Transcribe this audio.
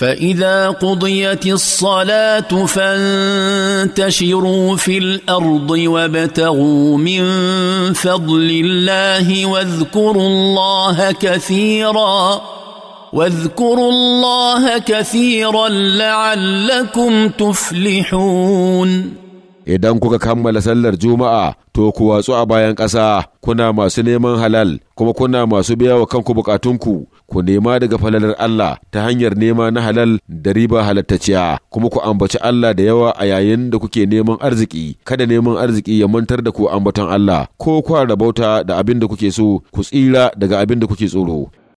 فاذا قضيت الصلاه فانتشروا في الارض وابتغوا من فضل الله واذكروا الله كثيرا واذكروا الله كثيرا لعلكم تفلحون idan kuka kammala sallar juma'a to ku watsu a bayan ƙasa kuna masu neman halal kuma kuna masu biya wa kanku bukatunku ku nema daga falalar Allah ta hanyar nema na halal da riba halattaciya kuma ku ambaci Allah da yawa a yayin da kuke neman arziki kada neman arziki ya mantar da ku ambaton Allah ko kwa rabauta da abin da kuke so ku tsira daga abin da kuke tsoro